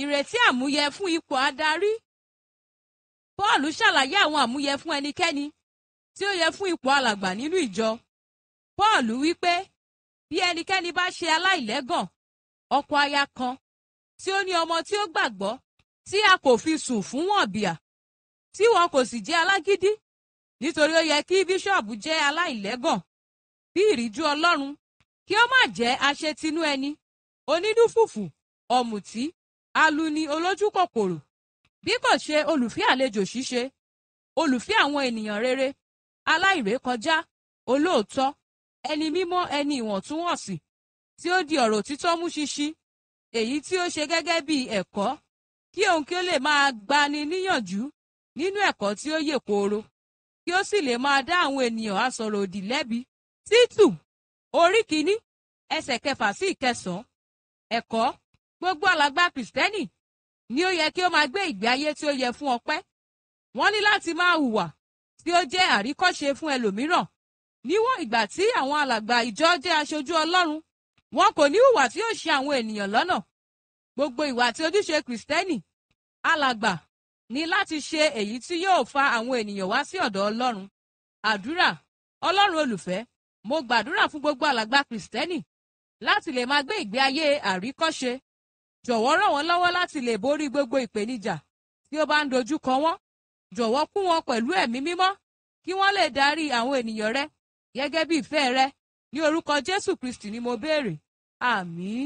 Ìrètí àmúyẹ fún ipò adarí. Pọ́ọ̀lù ṣàlàyé àwọn àmúyẹ fún ẹnikẹ́ni tí ó yẹ fún ipò alàgbà nínú ìjọ. Pọ́ọ̀lù wí pé bí ẹnikẹ́ni bá ṣe aláìlẹ́gàn ọkọ aya kan tí ó ní ọmọ tí ó gbàgbọ́ tí a kò fi sùn fún wọ̀nbìà tí wọn kò sì jẹ́ alágídí nítorí ó yẹ kí bíṣọ̀bù jẹ́ aláìlẹ́gàn bí ìríjú Ọlọ́run kí ó má jẹ́ aṣetinú ẹni onídùfùfù ọ̀mùtí alu ni olójú kòkòrò bí kò ṣe olùfẹ́ àlejò ṣíṣe olùfẹ́ àwọn ènìyàn rere aláìrékọjá olóòótọ́ ẹni mímọ́ ẹni ìwọ̀ntúnwọ̀nsì tí ó di ọ̀rọ̀ títọ́ mú ṣinṣin èyí tí ó ṣe gẹ́gẹ́ bí ẹ̀kọ́ kí òun kí ó lè máa gbani níyànjú nínú ẹ̀kọ́ tí ó yè kooro kí ó sì lè máa dá àwọn ènìyàn asọ̀rọ̀ òdì lẹ́bi títù orí kìíní ẹsẹ̀ kẹfà sí ìkẹsàn-án ẹ̀kọ́ gbogbo alàgbà kìrìsìtẹ́nì ni ó yẹ kí ó máa gbé ìgbé ayé tí ó yẹ fún ọpẹ́ wọ́n ní láti máa hùwà tí ó jẹ́ àríkọ́ṣe fún ẹlòmíràn níwọ̀n ìgbà tí àwọn alàgbà ìjọ jẹ́ aṣojú Ọlọ́run wọn kò ní hùwà tí yóò ṣe àwọn ènìyàn lọ́nà gbogbo ìwà tí ojúṣe kìrìsìtẹ́nì alàgbà ní láti ṣe èyí tí yóò fa àwọn ènìyàn wá sí ọ̀dọ̀ Ọlọ́run àdúrà Ọlọ́run olùfẹ́ mo gbàdúrà fún gbogbo alàgbà kìrìsìtẹ́nì láti lè máa gbé ìgbé ayé àríkọ́ṣe jọ̀wọ́ ràn wọ́n lọ́wọ́ láti lè borí gbogbo ìpèníjà tí ó bá ń dojú kọ wọ́n jọ̀wọ́ kún wọn pẹ̀lú ẹ̀mí mímọ́ kí wọ́n lè darí àwọn ènìyàn rẹ gẹ́gẹ́ bí ìfẹ́ rẹ ní orúkọ Jésù Kristi ni mo béèrè àmín.